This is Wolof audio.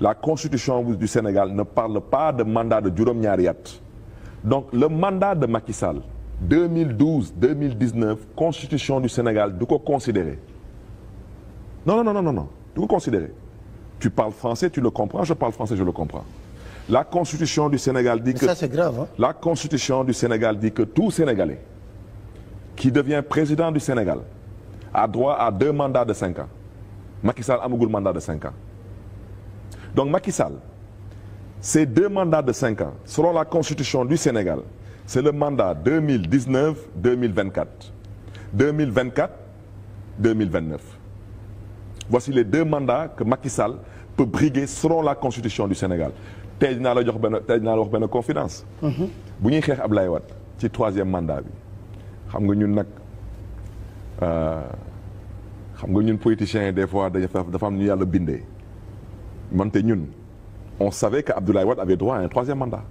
la constitution du Sénégal ne parle pas de mandat de juróom-ñaari at donc le mandat de Macky Sall 2012 2019 constitution du Sénégal du ko considérer non non non du ko considérer tu parles français tu le comprends je parle français je le comprends la constitution du Sénégal dit que la constitution du Sénégal dit que tout Sénégalais qui devient président du Sénégal a droit à deux mandats de cinq ans Macky Sall mandat de cinq ans donc Macky Sall ces deux mandats de cinq ans selon la constitution du Sénégal c'est le mandat 2019 2024 2024 2029 voici les deux mandats que Macky Sall peut briguer selon la constitution du Sénégal te dinaa la jox benn tey dinaa la wax benn confidence bu ñuy xeex Ablaye Wade ci troisième mandat bi xam nga ñun nag euh, xam nga ñun politiciens yi des fois dafa am ñu yàlla bindee man te ñun on savait que Abdoulaye Wade avait droit à un troisième mandat